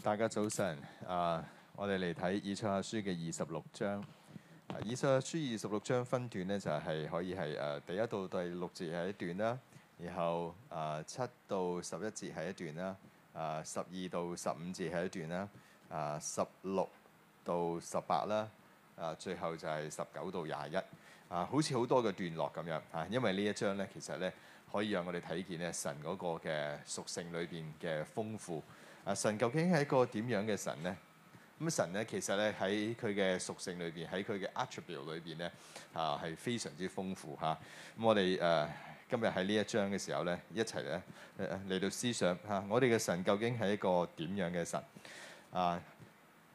大家早晨啊！我哋嚟睇《以賽亞書》嘅二十六章，《以賽亞書》二十六章分段咧就係、是、可以係誒、啊、第一到第六節係一段啦，然後誒、啊、七到十一節係一段啦，誒、啊、十二到十五節係一段啦，誒、啊、十六到十八啦，誒、啊、最後就係十九到廿一啊，好似好多嘅段落咁樣啊！因為呢一章咧，其實咧可以讓我哋睇見咧神嗰個嘅屬性裏邊嘅豐富。啊！神究竟係一個點樣嘅神咧？咁、啊、神咧，其實咧喺佢嘅屬性裏邊，喺佢嘅 attribute 裏邊咧，啊係非常之豐富嚇。咁、啊啊、我哋誒、啊、今日喺呢一章嘅時候咧，一齊咧嚟到思想嚇、啊、我哋嘅神究竟係一個點樣嘅神啊？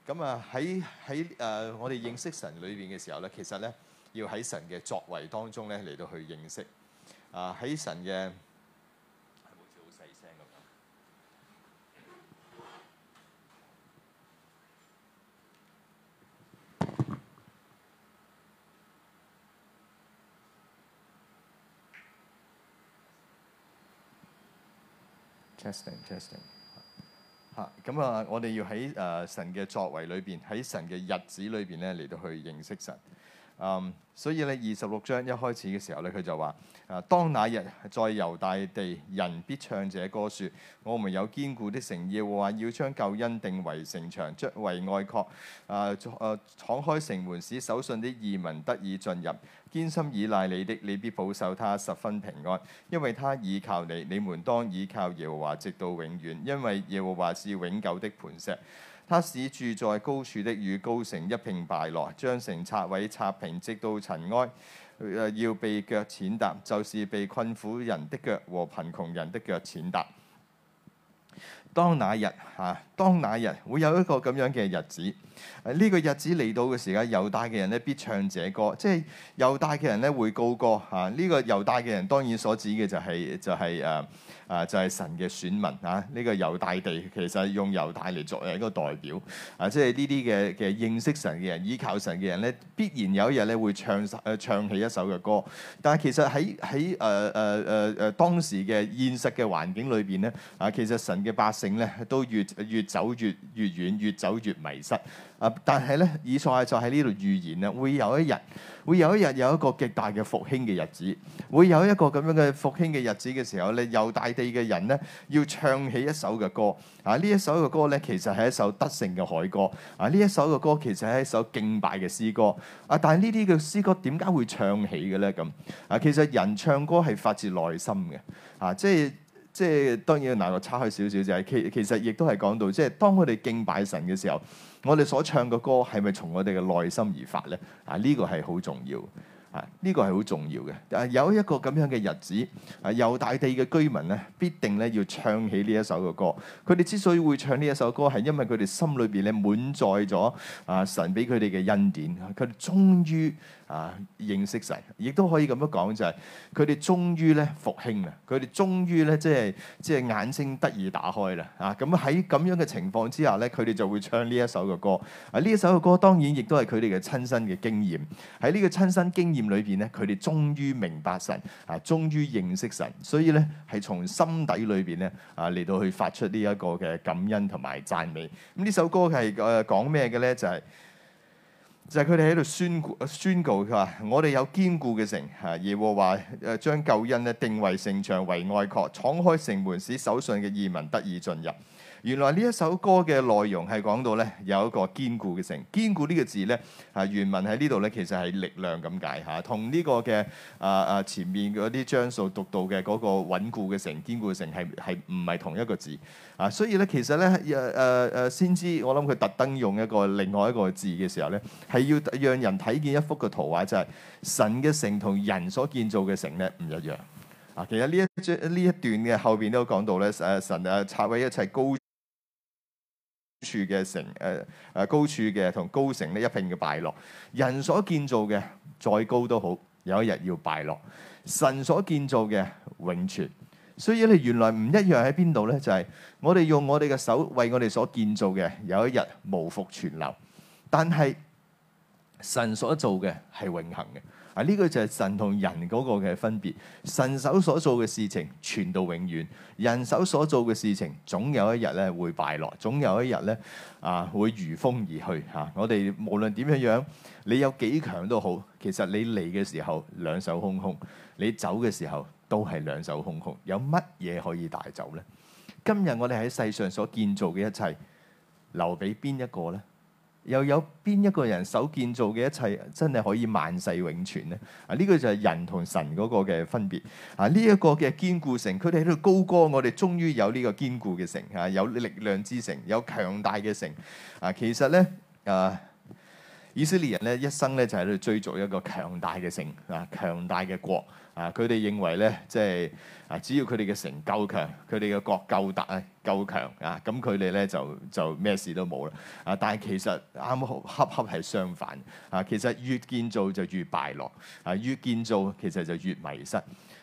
咁啊喺喺誒我哋認識神裏邊嘅時候咧，其實咧要喺神嘅作為當中咧嚟到去認識啊喺神嘅。testing testing 嚇咁 啊！我哋要喺誒、呃、神嘅作為裏邊，喺神嘅日子裏邊咧嚟到去認識神。嗯，um, 所以咧二十六章一開始嘅時候咧，佢就話：啊，當那日在猶大地，人必唱這歌，説：我們有堅固的誠意，話要將救恩定為城牆，將為外郭。啊，啊，敞開城門使守信的義民得以進入。堅心倚賴你的，你必保守他十分平安，因為他倚靠你。你們當倚靠耶和華直到永遠，因為耶和華是永久的磐石。他使住在高處的與高城一平敗落，將城拆毀、拆平，直到塵埃。要被腳踐踏，就是被困苦人的腳和貧窮人的腳踐踏。當那日嚇、啊，當那日會有一個咁樣嘅日子。誒、啊、呢、這個日子嚟到嘅時候，猶大嘅人咧必唱這歌，即係猶大嘅人咧會高歌嚇。呢、啊這個猶大嘅人當然所指嘅就係、是、就係誒誒就係、是、神嘅選民嚇。呢、啊這個猶大地其實用猶大嚟作為一個代表啊，即係呢啲嘅嘅認識神嘅人、依靠神嘅人咧，必然有一日咧會唱誒、啊、唱起一首嘅歌。但係其實喺喺誒誒誒誒當時嘅現實嘅環境裏邊咧，啊其實神嘅百咧都越越走越越遠，越走越迷失啊！但係咧以賽亞在喺呢度預言啦，會有一日，會有一日有一個極大嘅復興嘅日子，會有一個咁樣嘅復興嘅日子嘅時候咧，猶大地嘅人咧要唱起一首嘅歌啊！呢一首嘅歌咧，其實係一首得勝嘅凱歌啊！呢一首嘅歌其實係一首敬拜嘅詩歌啊！但係呢啲嘅詩歌點解會唱起嘅咧？咁啊，其實人唱歌係發自內心嘅啊，即係。即係當然嗱，我岔開少少就係其其實亦都係講到，即係當我哋敬拜神嘅時候，我哋所唱嘅歌係咪從我哋嘅內心而發咧？嗱，呢個係好重要，啊，呢個係好重要嘅。啊，有一個咁樣嘅日子，啊，由大地嘅居民咧，必定咧要唱起呢一首嘅歌。佢哋之所以會唱呢一首歌，係因為佢哋心裏邊咧滿載咗啊神俾佢哋嘅恩典，佢哋終於。啊！認識神，亦都可以咁樣講，就係佢哋終於咧復興啦，佢哋終於咧即係即係眼睛得以打開啦。啊！咁喺咁樣嘅情況之下咧，佢哋就會唱呢一首嘅歌。啊，呢一首嘅歌當然亦都係佢哋嘅親身嘅經驗。喺呢個親身經驗裏邊咧，佢哋終於明白神啊，終於認識神，所以咧係從心底裏邊咧啊嚟到去發出呢一個嘅感恩同埋讚美。咁、啊、呢首歌係誒、呃、講咩嘅咧？就係、是。就係佢哋喺度宣告，宣告佢話：我哋有堅固嘅城，耶和華誒將救恩咧定為城牆，為外郭，敞開城門，使守信嘅義民得以進入。原來呢一首歌嘅內容係講到咧，有一個堅固嘅城，堅固呢個字咧，啊原文喺呢度咧，其實係力量咁解嚇，同呢個嘅啊啊前面嗰啲章數讀到嘅嗰個穩固嘅城，堅固嘅城係係唔係同一個字啊？所以咧，其實咧，誒誒誒先知我諗佢特登用一個另外一個字嘅時候咧，係要讓人睇見一幅嘅圖畫，就係神嘅城同人所建造嘅城咧唔一樣啊！其實呢一章呢一段嘅後邊都講到咧誒神誒拆毀一切高。處嘅城，誒誒高處嘅同高城咧一併嘅敗落，人所建造嘅再高都好，有一日要敗落。神所建造嘅永存，所以你原來唔一樣喺邊度咧？就係、是、我哋用我哋嘅手為我哋所建造嘅，有一日無復存留。但係神所做嘅係永恒嘅。啊！呢、這個就係神同人嗰個嘅分別。神手所做嘅事情傳到永遠，人手所做嘅事情總有一日咧會敗落，總有一日咧啊會如風而去嚇、啊。我哋無論點樣樣，你有幾強都好，其實你嚟嘅時候兩手空空，你走嘅時候都係兩手空空。有乜嘢可以帶走咧？今日我哋喺世上所建造嘅一切，留俾邊一個咧？又有邊一個人手建造嘅一切，真係可以萬世永存咧？啊，呢個就係人同神嗰個嘅分別。啊，呢一個嘅堅固城，佢哋喺度高歌，我哋終於有呢個堅固嘅城，啊，有力量之城，有強大嘅城。啊，其實咧，啊，以色列人咧，一生咧就喺度追逐一個強大嘅城，啊，強大嘅國。啊，佢哋認為咧，即係。啊！只要佢哋嘅城夠強，佢哋嘅國夠大、夠強啊，咁佢哋咧就就咩事都冇啦。啊！但係其實啱好恰恰係相反。啊！其實越建造就越敗落。啊！越建造其實就越迷失。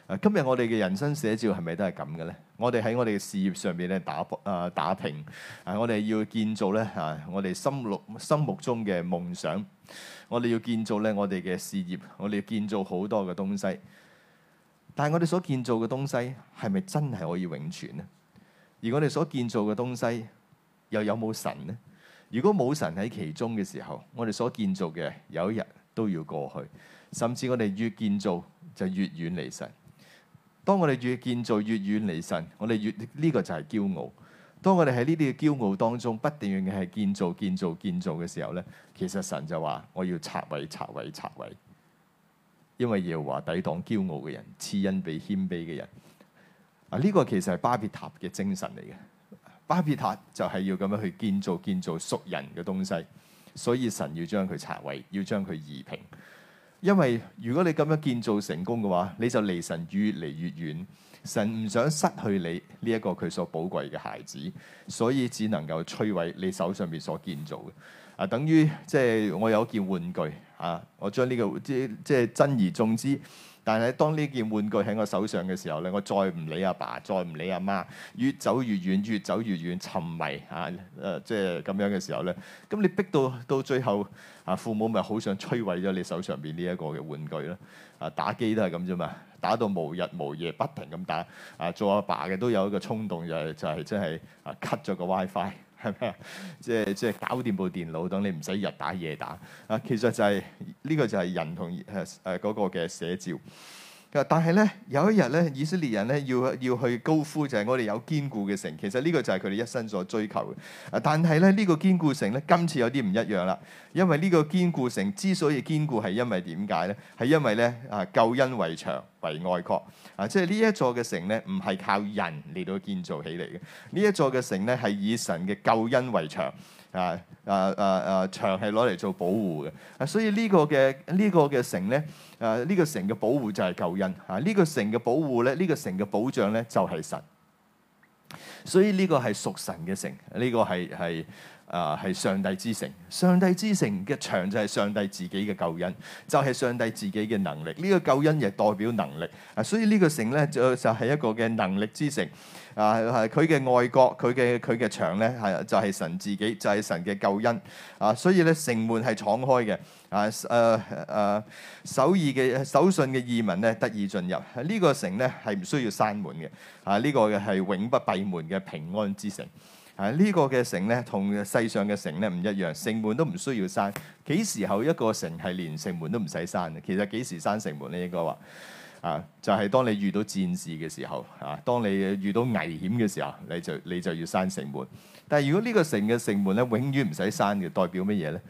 啊！今日我哋嘅人生寫照係咪都係咁嘅咧？我哋喺我哋嘅事業上邊咧打啊打拼。啊！我哋要建造咧啊！我哋心目心目中嘅夢想。我哋要建造咧，我哋嘅事業。我哋要建造好多嘅東西。但係我哋所建造嘅東西係咪真係可以永存呢？而我哋所建造嘅東西又有冇神呢？如果冇神喺其中嘅時候，我哋所建造嘅有一日都要過去，甚至我哋越建造就越遠離神。當我哋越建造越遠離神，我哋越呢、這個就係驕傲。當我哋喺呢啲嘅驕傲當中不斷嘅係建造、建造、建造嘅時候呢，其實神就話「我要拆毀、拆毀、拆毀。」因為耶和華抵擋驕傲嘅人，賜恩俾謙卑嘅人。啊、呢、這個其實係巴別塔嘅精神嚟嘅。巴別塔就係要咁樣去建造建造屬人嘅東西，所以神要將佢拆毀，要將佢移平。因為如果你咁樣建造成功嘅話，你就離神越嚟越遠。神唔想失去你呢一個佢所寶貴嘅孩子，所以只能夠摧毀你手上邊所建造嘅。啊，等於即係我有一件玩具啊，我將呢個即即係珍而重之。但係當呢件玩具喺我手上嘅時候咧，我再唔理阿爸，再唔理阿媽，越走越遠，越走越遠，沉迷啊，誒即係咁樣嘅時候咧，咁你逼到到最後啊，父母咪好想摧毀咗你手上邊呢一個嘅玩具囉。啊，打機都係咁啫嘛，打到無日無夜不停咁打。啊，做阿爸嘅都有一個衝動，就係就係即係啊，cut 咗個 WiFi。係咪啊？即係即係搞掂部電腦，等你唔使日打夜打啊！其實就係、是、呢、這個，就係人同誒誒嗰個嘅寫照。但係咧，有一日咧，以色列人咧要要去高呼，就係我哋有堅固嘅城。其實呢個就係佢哋一生所追求嘅。但係咧，呢個堅固城咧，今次有啲唔一樣啦。因為呢個堅固城之所以堅固，係因為點解咧？係因為咧啊，救恩為牆為外郭啊，即係呢一座嘅城咧，唔係靠人嚟到建造起嚟嘅。呢一座嘅城咧，係以神嘅救恩為牆。啊啊啊啊！牆係攞嚟做保護嘅，所以呢個嘅呢個嘅城咧，啊呢個城嘅保護就係救恩，啊呢個城嘅保護咧，呢個城嘅保障咧就係神，所以呢個係屬神嘅城，呢個係係。啊，係上帝之城，上帝之城嘅牆就係上帝自己嘅救恩，就係、是、上帝自己嘅能力。呢、這個救恩亦代表能力，啊、所以呢個城咧就就是、係一個嘅能力之城。啊，係佢嘅愛國，佢嘅佢嘅牆咧係就係、是、神自己，就係、是、神嘅救恩。啊，所以咧城門係敞開嘅。啊，誒、啊、誒，守義嘅守信嘅義民咧得以進入。呢個城咧係唔需要閂門嘅。啊，這個、呢啊、這個嘅係永不閉門嘅平安之城。.啊！這個、呢個嘅城咧，同世上嘅城咧唔一樣，城門都唔需要閂。幾時候一個城係連城門都唔使閂？其實幾時閂城門咧？應該話啊，就係、是、當你遇到戰事嘅時候啊，當你遇到危險嘅時候，你就你就要閂城門。但係如果呢個城嘅城門咧永遠唔使閂嘅，代表乜嘢咧？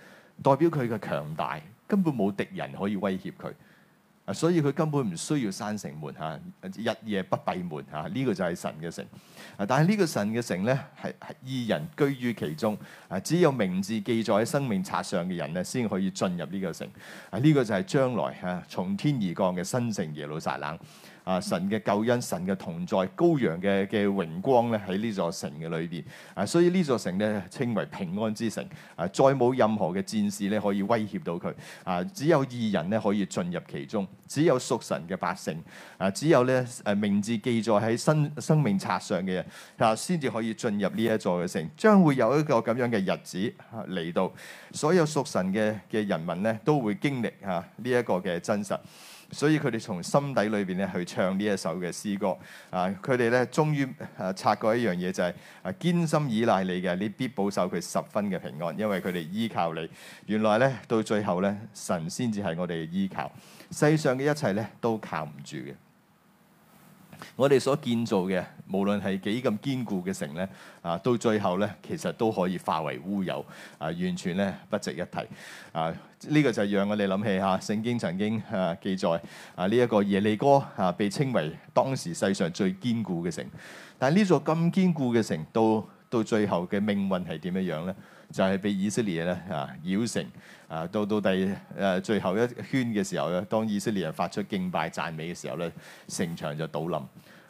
代表佢嘅強大，根本冇敵人可以威脅佢。所以佢根本唔需要閂城門嚇，日夜不閉門嚇，呢、這個就係神嘅城。啊，但係呢個神嘅城咧，係係二人居於其中。啊，只有名字記載喺生命冊上嘅人咧，先可以進入呢個城。啊，呢個就係將來嚇從天而降嘅新城耶路撒冷。啊！神嘅救恩，神嘅同在，羔羊嘅嘅榮光咧，喺呢座城嘅裏邊啊，所以呢座城咧，稱為平安之城啊！再冇任何嘅戰士咧，可以威脅到佢啊，只有義人咧，可以進入其中，只有屬神嘅百姓啊，只有咧誒名字記載喺生生命冊上嘅人先至、啊、可以進入呢一座嘅城，將會有一個咁樣嘅日子嚟、啊、到，所有屬神嘅嘅人民咧都會經歷啊呢一個嘅真實。所以佢哋從心底裏邊咧去唱呢一首嘅詩歌，啊！佢哋咧終於誒拆過一樣嘢就係誒堅心依賴你嘅，你必保守佢十分嘅平安，因為佢哋依靠你。原來咧到最後咧，神先至係我哋嘅依靠，世上嘅一切咧都靠唔住嘅。我哋所建造嘅，無論係幾咁堅固嘅城咧，啊，到最後咧，其實都可以化為烏有，啊，完全咧不值一提。啊，呢、這個就讓我哋諗起吓，聖、啊、經曾經啊記載啊呢一、這個耶利哥啊，被稱為當時世上最堅固嘅城。但係呢座咁堅固嘅城，到到最後嘅命運係點樣樣咧？就係、是、被以色列咧啊繞城啊，到到第誒、啊、最後一圈嘅時候咧、啊，當以色列人發出敬拜讚美嘅時候咧，城牆就倒冧。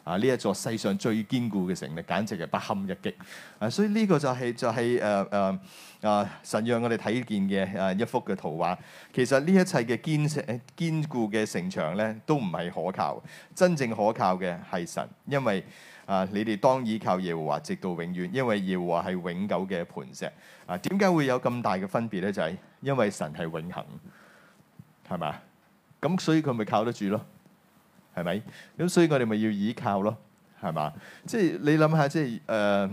啊！呢一座世上最堅固嘅城咧，簡直係不堪一擊。啊！所以呢個就係就係誒誒誒神讓我哋睇見嘅誒一幅嘅圖畫。其實呢一切嘅堅石堅固嘅城牆咧，都唔係可靠。真正可靠嘅係神，因為啊，你哋當倚靠耶和華直到永遠，因為耶和華係永久嘅磐石。啊，點解會有咁大嘅分別咧？就係因為神係永恆，係咪？咁所以佢咪靠得住咯？係咪？咁所以我哋咪要依靠咯，係嘛？即係你諗下，即係誒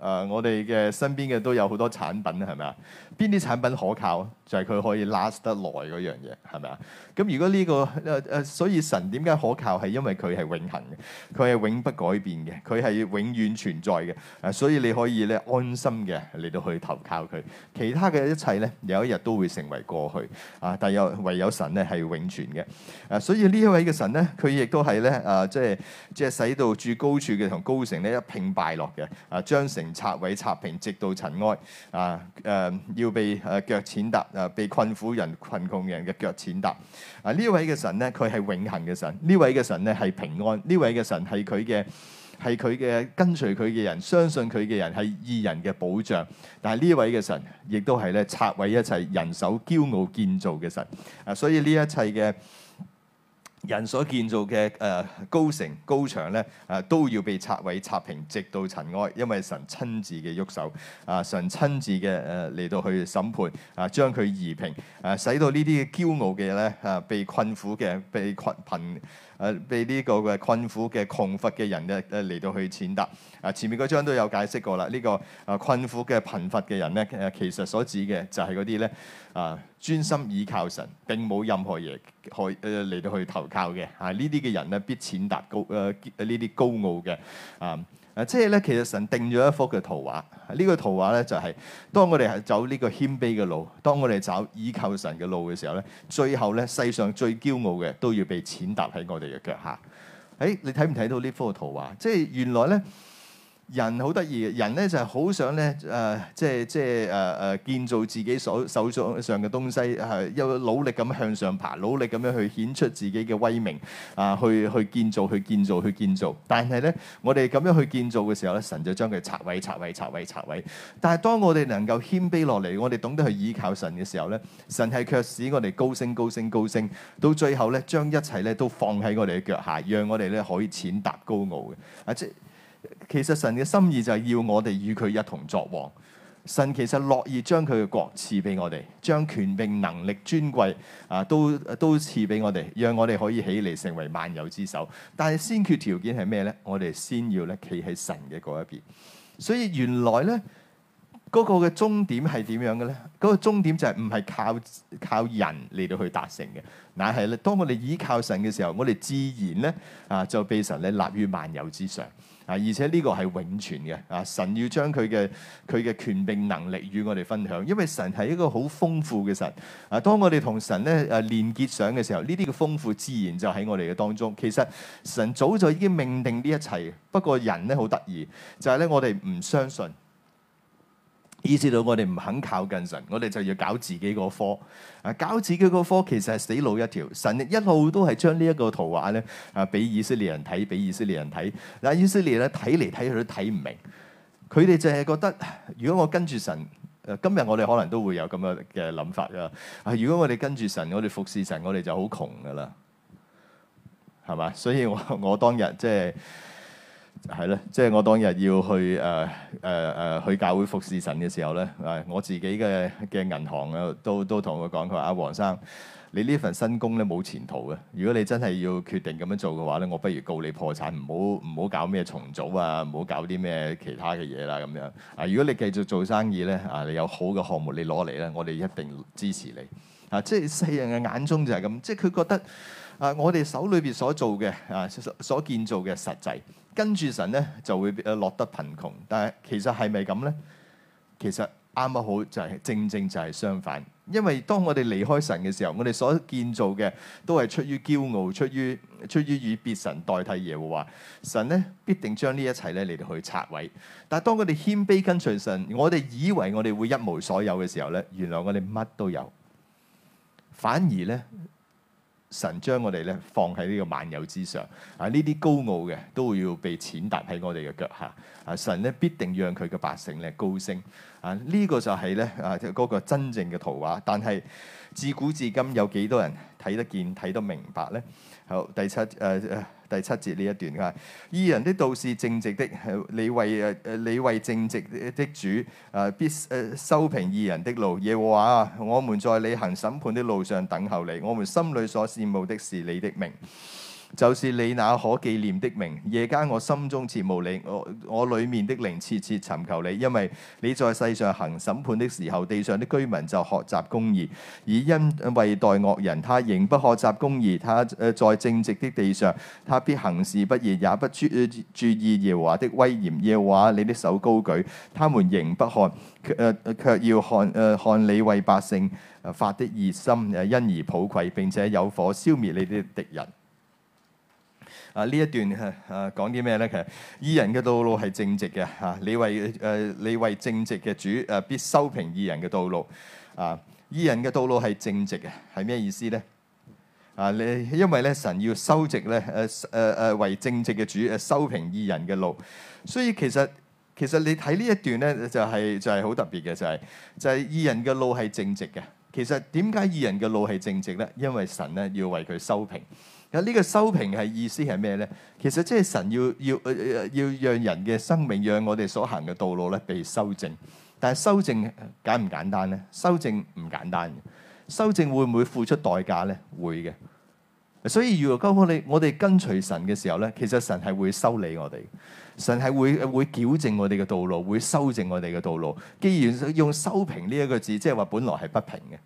誒，我哋嘅身邊嘅都有好多產品，係咪啊？邊啲產品可靠啊？就係佢可以 last 得耐嗰樣嘢，係咪啊？咁如果呢、這個誒誒，所以神點解可靠係因為佢係永恆嘅，佢係永不改變嘅，佢係永遠存在嘅。誒，所以你可以咧安心嘅嚟到去投靠佢。其他嘅一切咧，有一日都會成為過去啊！但又唯有神咧係永存嘅。誒、啊，所以呢一位嘅神咧，佢亦都係咧誒，即係即係使到住高處嘅同高城呢一併敗落嘅，誒、啊、將城拆毀拆平，直到塵埃啊誒、啊、要被誒、啊、腳踐踏。啊！被困苦人困窮人嘅腳踐踏，啊呢位嘅神呢，佢係永恆嘅神，呢位嘅神呢，係平安，呢位嘅神係佢嘅係佢嘅跟隨佢嘅人，相信佢嘅人係義人嘅保障。但係呢位嘅神，亦都係咧拆毀一切人手驕傲建造嘅神。啊，所以呢一切嘅。人所建造嘅誒、呃、高城高牆咧，誒、呃、都要被拆毀拆平，直到塵埃，因為神親自嘅喐手啊、呃，神親自嘅誒嚟到去審判啊，將、呃、佢移平啊、呃，使到驕呢啲驕傲嘅咧啊，被困苦嘅被困貧。誒、啊，被個呢個嘅困苦嘅窮乏嘅人嘅誒嚟到去踐踏。誒、啊，前面嗰章都有解釋過啦。這個、呢個誒困苦嘅貧乏嘅人咧，誒、啊、其實所指嘅就係嗰啲咧誒專心倚靠神，並冇任何嘢可誒嚟、啊、到去投靠嘅。啊，呢啲嘅人咧必踐踏高誒呢啲高傲嘅啊。啊，即係咧，其實神定咗一幅嘅圖畫，呢、這個圖畫咧就係當我哋係走呢個謙卑嘅路，當我哋走倚靠神嘅路嘅時候咧，最後咧世上最驕傲嘅都要被踐踏喺我哋嘅腳下。誒、哎，你睇唔睇到呢幅圖畫？即係原來咧。人好得意，人咧就係好想咧，誒、呃，即係即係誒誒，建造自己手手上嘅東西，係要努力咁向上爬，努力咁樣去顯出自己嘅威名，啊、呃，去去建造，去建造，去建造。但係咧，我哋咁樣去建造嘅時候咧，神就將佢拆毀、拆毀、拆毀、拆毀、拆毀。但係當我哋能夠謙卑落嚟，我哋懂得去依靠神嘅時候咧，神係卻使我哋高升、高升、高升，到最後咧，將一切咧都放喺我哋嘅腳下，讓我哋咧可以踐踏高傲嘅。啊，即其實神嘅心意就係要我哋與佢一同作王。神其實樂意將佢嘅國賜俾我哋，將權柄、能力尊貴啊，都都賜俾我哋，讓我哋可以起嚟成為萬有之首。但係先決條件係咩呢？我哋先要咧企喺神嘅嗰一邊。所以原來呢，嗰個嘅終點係點樣嘅呢？嗰個終點就係唔係靠靠人嚟到去達成嘅，乃係咧當我哋依靠神嘅時候，我哋自然呢，啊就被神咧立於萬有之上。啊！而且呢個係永存嘅啊！神要將佢嘅佢嘅權柄能力與我哋分享，因為神係一個好豐富嘅神啊！當我哋同神咧誒連結上嘅時候，呢啲嘅豐富自然就喺我哋嘅當中。其實神早就已經命定呢一切，不過人咧好得意，就係咧我哋唔相信。意識到我哋唔肯靠近神，我哋就要搞自己個科。啊，搞自己個科其實係死路一條。神一路都係將呢一個圖畫咧，啊，俾以色列人睇，俾以色列人睇。嗱，以色列咧睇嚟睇去都睇唔明。佢哋淨係覺得，如果我跟住神，誒、啊，今日我哋可能都會有咁樣嘅諗法㗎。啊，如果我哋跟住神，我哋服侍神，我哋就好窮㗎啦。係嘛？所以我我當日即係。係咧，即係我當日要去誒誒誒去教會服侍神嘅時候咧，誒、啊、我自己嘅嘅銀行啊，都都同佢講，佢話：阿黃生，你呢份新工咧冇前途嘅。如果你真係要決定咁樣做嘅話咧，我不如告你破產，唔好唔好搞咩重組啊，唔好搞啲咩其他嘅嘢啦咁樣。啊，如果你繼續做生意咧，啊，你有好嘅項目，你攞嚟咧，我哋一定支持你啊。即係世人嘅眼中就係咁，即係佢覺得啊，我哋手裏邊所做嘅啊，所所建造嘅實際。跟住神咧，就會落得貧窮。但係其實係咪咁咧？其實啱啱好，就是，就係正正就係相反。因為當我哋離開神嘅時候，我哋所建造嘅都係出於驕傲，出於出於與別神代替耶和華。神咧必定將呢一切咧，嚟到去拆毀。但係當佢哋謙卑跟隨神，我哋以為我哋會一無所有嘅時候咧，原來我哋乜都有。反而咧。神將我哋咧放喺呢個萬有之上，啊呢啲高傲嘅都會要被踐踏喺我哋嘅腳下，啊神咧必定讓佢嘅百姓咧高升，啊呢、這個就係咧啊嗰、那個真正嘅圖畫，但係自古至今有幾多人睇得見、睇得明白咧？好，第七誒誒、呃、第七節呢一段啊，義人的道是正直的，係你為誒誒、呃、你為正直的主啊、呃，必誒修、呃、平義人的路。耶和華啊，我們在你行審判的路上等候你，我們心裏所羨慕的是你的名。就是你那可紀念的名，夜間我心中切慕你，我我裏面的靈切切尋求你，因為你在世上行審判的時候，地上的居民就學習公義，以因為待惡人，他仍不學習公義，他誒在正直的地上，他必行事不義，也不注注意耶和華的威嚴。耶和華你的手高舉，他們仍不卻看，誒卻要看誒看你為百姓誒發的熱心，因而抱愧並且有火消滅你的敵人。啊！呢一段啊啊，講啲咩咧？其實義人嘅道路係正直嘅嚇、啊，你為誒、呃、你為正直嘅主誒、啊、必修平義人嘅道路。啊！義人嘅道路係正直嘅，係咩意思咧？啊！你因為咧神要修直咧誒誒誒為正直嘅主誒修、啊啊啊啊、平義人嘅路，所以其實其實你睇呢一段咧就係、是、就係、是、好特別嘅就係、是、就係、是、義人嘅路係正直嘅。其實點解義人嘅路係正直咧？因為神咧要為佢修平。呢個修平係意思係咩呢？其實即係神要要、呃、要讓人嘅生命，讓我哋所行嘅道路咧被修正。但係修正簡唔簡單呢？修正唔簡單，修正會唔會付出代價呢？會嘅。所以如果高峯你我哋跟隨神嘅時候呢，其實神係會修理我哋，神係會會矯正我哋嘅道路，會修正我哋嘅道路。既然用修平呢一個字，即係話本來係不平嘅。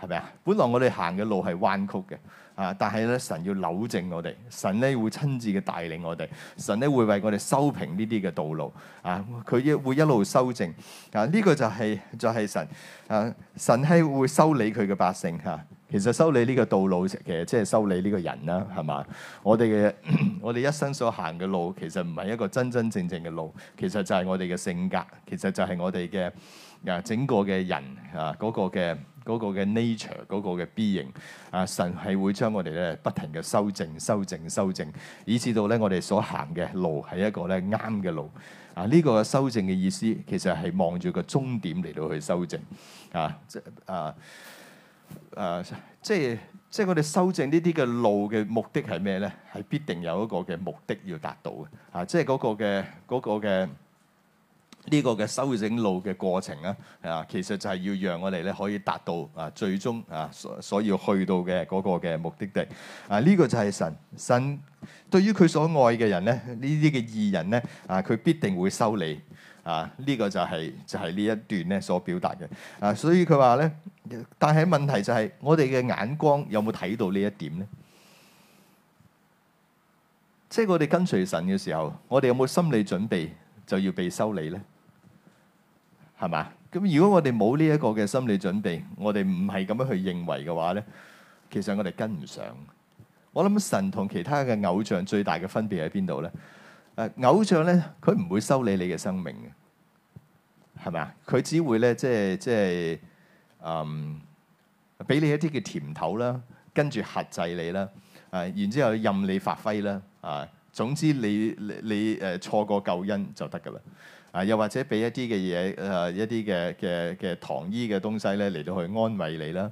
係咪啊？本來我哋行嘅路係彎曲嘅啊，但係咧，神要扭正我哋，神咧會親自嘅帶領我哋，神咧會為我哋修平呢啲嘅道路啊。佢亦會一路修正啊。呢、這個就係、是、就係、是、神啊。神係會修理佢嘅百姓嚇、啊。其實修理呢個道路嘅即係修理呢個人啦，係嘛？我哋嘅 我哋一生所行嘅路，其實唔係一個真真正正嘅路，其實就係我哋嘅性格，其實就係我哋嘅啊整個嘅人啊嗰、那個嘅。嗰個嘅 nature，嗰個嘅 B 型啊，神係會將我哋咧不停嘅修正、修正、修正，以至到咧我哋所行嘅路係一個咧啱嘅路啊。呢、這個修正嘅意思其實係望住個終點嚟到去修正啊，啊，啊。即啊啊，即係即係我哋修正呢啲嘅路嘅目的係咩咧？係必定有一個嘅目的要達到嘅啊。即嗰個嘅嗰、那個嘅。呢個嘅修整路嘅過程咧，啊，其實就係要讓我哋咧可以達到最終啊所所要去到嘅嗰個嘅目的地。啊，呢個就係神神對於佢所愛嘅人咧，呢啲嘅義人咧，啊，佢必定會修理。啊，呢個就係就係呢一段咧所表達嘅。啊，所以佢話咧，但係問題就係我哋嘅眼光有冇睇到呢一點咧？即係我哋跟隨神嘅時候，我哋有冇心理準備就要被修理咧？係嘛？咁如果我哋冇呢一個嘅心理準備，我哋唔係咁樣去認為嘅話咧，其實我哋跟唔上。我諗神同其他嘅偶像最大嘅分別喺邊度咧？誒、呃、偶像咧，佢唔會修理你嘅生命嘅，係咪？佢只會咧，即係即係嗯，俾你一啲嘅甜頭啦，跟住核制你啦，誒、呃，然之後任你發揮啦，啊、呃，總之你你你誒錯、呃、過救恩就得㗎啦。啊！又或者俾一啲嘅嘢，誒、啊、一啲嘅嘅嘅糖衣嘅東西咧，嚟到去安慰你啦！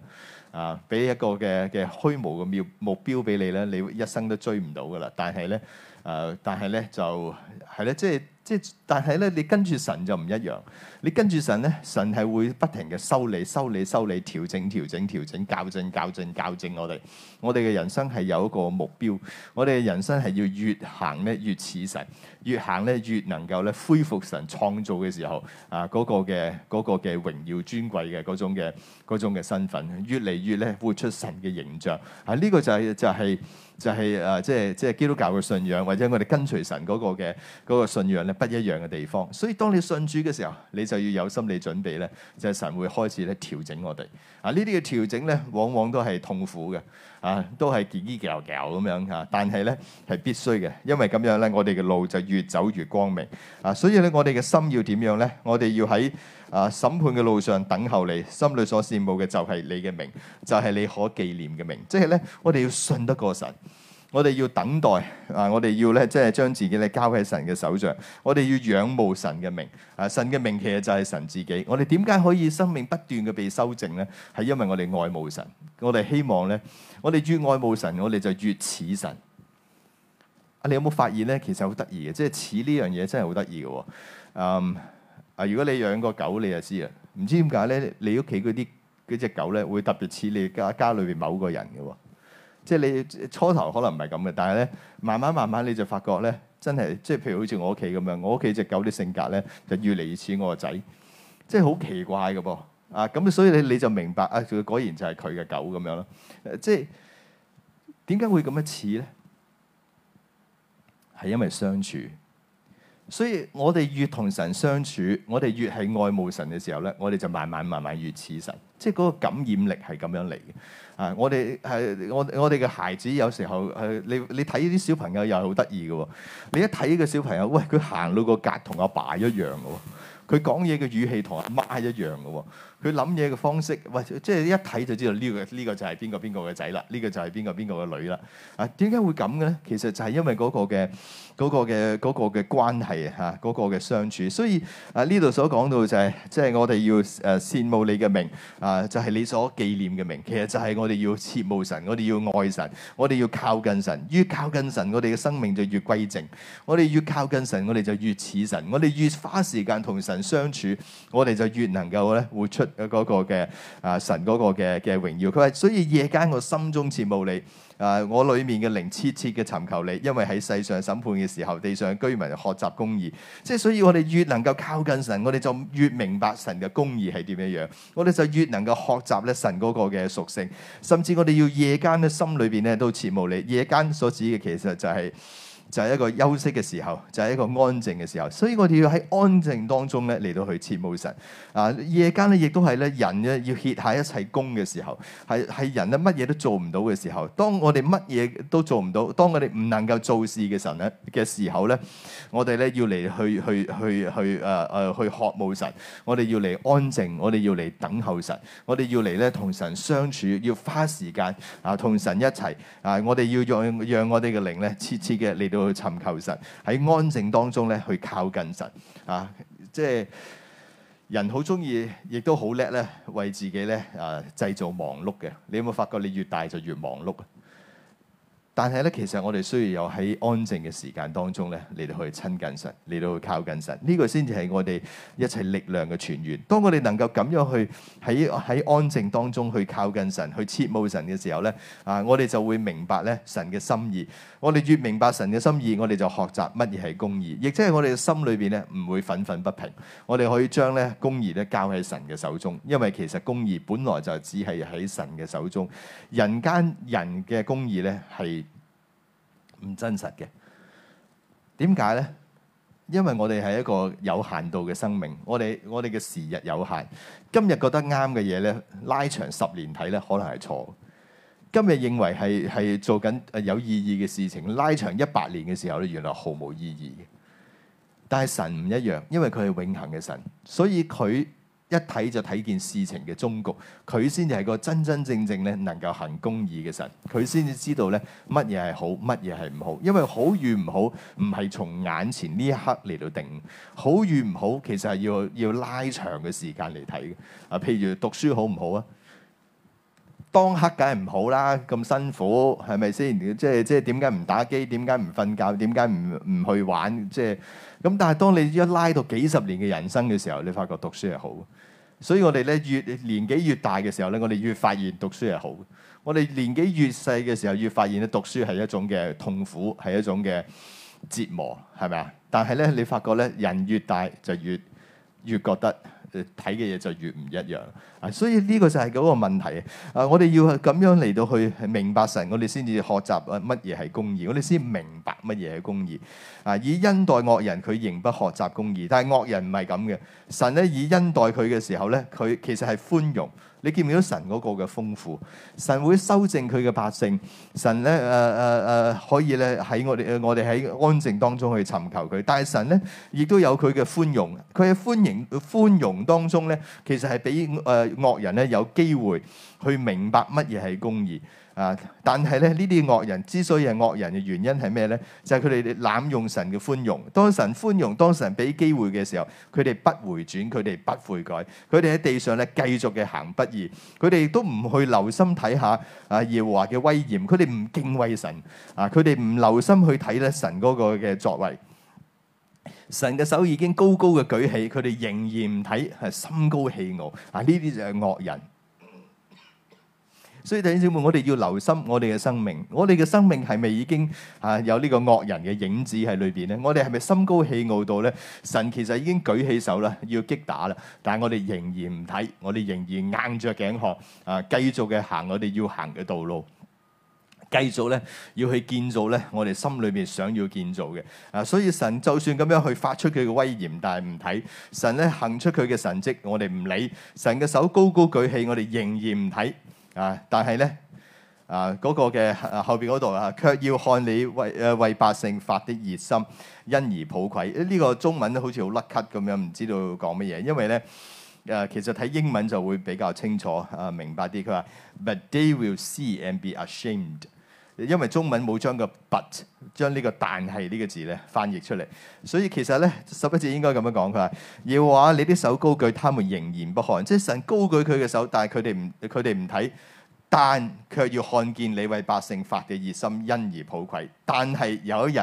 啊，俾一個嘅嘅虛無嘅目標俾你咧，你一生都追唔到㗎喇！但係咧，誒的、呃，但係咧就係咧，即係。就是即但係咧，你跟住神就唔一樣。你跟住神咧，神係會不停嘅修理、修理、修理、調整、調整、調整、校正、校正、校正我哋。我哋嘅人生係有一個目標，我哋嘅人生係要越行咧越似神，越行咧越能夠咧恢復神創造嘅時候啊嗰個嘅嗰個嘅榮耀尊貴嘅嗰種嘅嗰種嘅身份，越嚟越咧活出神嘅形象。啊，呢個就係就係。就係誒，即係即係基督教嘅信仰，或者我哋跟隨神嗰個嘅嗰個信仰咧，不一樣嘅地方。所以當你信主嘅時候，你就要有心理準備咧，就係神會開始咧調整我哋啊。呢啲嘅調整咧，往往都係痛苦嘅啊，都係幾幾嚼嚼咁樣嚇。但係咧係必須嘅，因為咁樣咧，我哋嘅路就越走越光明啊。所以咧，我哋嘅心要點樣咧？我哋要喺。啊！審判嘅路上等候你，心裏所羨慕嘅就係你嘅名，就係、是、你可記念嘅名。即係咧，我哋要信得過神，我哋要等待啊！我哋要咧，即係將自己咧交喺神嘅手上。我哋要仰慕神嘅名啊！神嘅名其實就係神自己。我哋點解可以生命不斷嘅被修正咧？係因為我哋愛慕神。我哋希望咧，我哋越愛慕神，我哋就越似神。啊！你有冇發現咧？其實好得意嘅，即係似呢樣嘢真係好得意嘅。嗯、啊。啊！如果你養過狗，你就知啦。唔知點解咧？你屋企嗰啲嗰隻狗咧，會特別似你家家裏邊某個人嘅喎。即係你初頭可能唔係咁嘅，但係咧，慢慢慢慢你就發覺咧，真係即係譬如好似我屋企咁樣，我屋企隻狗啲性格咧，就越嚟越似我個仔，即係好奇怪嘅噃。啊，咁所以你你就明白啊，佢果然就係佢嘅狗咁樣咯。啊。即係點解會咁樣似咧？係因為相處。所以我哋越同神相處，我哋越係愛慕神嘅時候咧，我哋就慢慢慢慢越似神，即係嗰個感染力係咁樣嚟嘅。啊，我哋係我我哋嘅孩子有時候，係你你睇啲小朋友又係好得意嘅喎。你一睇個小朋友，喂，佢行到個格同阿爸一樣嘅喎，佢講嘢嘅語氣同阿媽一樣嘅喎。佢諗嘢嘅方式，喂，即係一睇就知道呢個呢個就係邊個邊個嘅仔啦，呢個就係邊個邊個嘅女啦。啊，點解會咁嘅咧？其實就係因為嗰個嘅嗰個嘅嗰個嘅關係啊，嗰個嘅相處。所以啊，呢度所講到就係即係我哋要誒羨慕你嘅名啊，就係你所紀念嘅名。其實就係我哋要羨慕神，我哋要愛神，我哋要靠近神。越靠近神，我哋嘅生命就越歸正。我哋越靠近神，我哋就越似神。我哋越花時間同神相處，我哋就越能夠咧活出嘅嘅啊神嗰個嘅嘅榮耀，佢話所以夜間我心中羨慕你啊，我裏面嘅靈切切嘅尋求你，因為喺世上審判嘅時候，地上嘅居民學習公義，即係所以我哋越能夠靠近神，我哋就越明白神嘅公義係點樣樣，我哋就越能夠學習咧神嗰個嘅屬性，甚至我哋要夜間嘅心裏邊咧都羨慕你，夜間所指嘅其實就係、是。就係一個休息嘅時候，就係、是、一個安靜嘅時候，所以我哋要喺安靜當中咧嚟到去切慕神。啊，夜間咧亦都係咧人咧要歇下一切工嘅時候，係係人咧乜嘢都做唔到嘅時候。當我哋乜嘢都做唔到，當我哋唔能夠做事嘅神咧嘅時候咧，我哋咧要嚟去去去去誒誒、呃、去渴慕神。我哋要嚟安靜，我哋要嚟等候神，我哋要嚟咧同神相處，要花時間啊同神一齊啊。我哋要讓讓我哋嘅靈咧，切切嘅嚟到，去尋求神，喺安靜當中咧，去靠近神啊！即係人好中意，亦都好叻咧，為自己咧啊製造忙碌嘅。你有冇發覺？你越大就越忙碌啊！但係咧，其實我哋需要有喺安靜嘅時間當中咧，嚟到去親近神，嚟到去靠近神，呢個先至係我哋一切力量嘅泉源。當我哋能夠咁樣去喺喺安靜當中去靠近神、去切慕神嘅時候咧，啊，我哋就會明白咧神嘅心意。我哋越明白神嘅心意，我哋就學習乜嘢係公義，亦即係我哋嘅心裏邊咧唔會憤憤不平。我哋可以將咧公義咧交喺神嘅手中，因為其實公義本來就只係喺神嘅手中。人間人嘅公義咧係。唔真實嘅，點解呢？因為我哋係一個有限度嘅生命，我哋我哋嘅時日有限。今日覺得啱嘅嘢呢，拉長十年睇呢，可能係錯。今日認為係係做緊有意義嘅事情，拉長一百年嘅時候呢，原來毫無意義。但係神唔一樣，因為佢係永恆嘅神，所以佢。一睇就睇件事情嘅終局，佢先至係個真真正正咧能夠行公義嘅神，佢先至知道咧乜嘢係好，乜嘢係唔好。因為好與唔好唔係從眼前呢一刻嚟到定，好與唔好其實係要要拉長嘅時間嚟睇嘅。啊，譬如讀書好唔好啊？當刻梗係唔好啦，咁辛苦係咪先？即係即係點解唔打機？點解唔瞓覺？點解唔唔去玩？即係咁。但係當你一拉到幾十年嘅人生嘅時候，你發覺讀書係好。所以我哋咧越年紀越大嘅時候咧，我哋越發現讀書係好。我哋年紀越細嘅時候，越發現咧讀書係一種嘅痛苦，係一種嘅折磨，係咪啊？但係咧，你發覺咧人越大就越越覺得。睇嘅嘢就越唔一樣啊，所以呢個就係嗰個問題啊！我哋要咁樣嚟到去明白神，我哋先至學習啊乜嘢係公義，我哋先明白乜嘢係公義啊！以恩待惡人，佢仍不學習公義，但係惡人唔係咁嘅，神咧以恩待佢嘅時候咧，佢其實係寬容。你見唔見到神嗰個嘅豐富？神會修正佢嘅百姓。神咧誒誒誒，可以咧喺我哋誒我哋喺安靜當中去尋求佢。但係神咧，亦都有佢嘅寬容。佢嘅歡迎寬容當中咧，其實係俾誒惡人咧有機會去明白乜嘢係公義。啊！但係咧，呢啲惡人之所以係惡人嘅原因係咩咧？就係佢哋濫用神嘅寬容。當神寬容，當神俾機會嘅時候，佢哋不回轉，佢哋不悔改，佢哋喺地上咧繼續嘅行不義。佢哋都唔去留心睇下啊耶和華嘅威嚴，佢哋唔敬畏神啊！佢哋唔留心去睇咧神嗰個嘅作為。神嘅手已經高高嘅舉起，佢哋仍然唔睇，係心高氣傲。啊！呢啲就係惡人。所以弟兄姊妹，我哋要留心我哋嘅生命。我哋嘅生命係咪已經啊有呢個惡人嘅影子喺裏邊咧？我哋係咪心高氣傲到咧？神其實已經舉起手啦，要擊打啦，但係我哋仍然唔睇，我哋仍然硬著頸項啊，繼續嘅行我哋要行嘅道路，繼續咧要去建造咧我哋心裏邊想要建造嘅啊。所以神就算咁樣去發出佢嘅威嚴，但係唔睇神咧行出佢嘅神跡，我哋唔理神嘅手高高舉起，我哋仍然唔睇。啊！但係咧，啊嗰個嘅後後邊嗰度啊，卻要看你為誒為百姓發啲熱心，因而抱愧。呢、這個中文都好似好甩咳 u 咁樣，唔知道講乜嘢。因為咧，誒、啊、其實睇英文就會比較清楚啊，明白啲。佢話：But they will see and be ashamed。因為中文冇將個 but 將呢個但係呢個字咧翻譯出嚟，所以其實咧十一節應該咁樣講，佢話要話你啲手高舉，他們仍然不看，即係神高舉佢嘅手，但係佢哋唔佢哋唔睇，但卻要看見你為百姓發嘅熱心，因而抱愧。但係有一日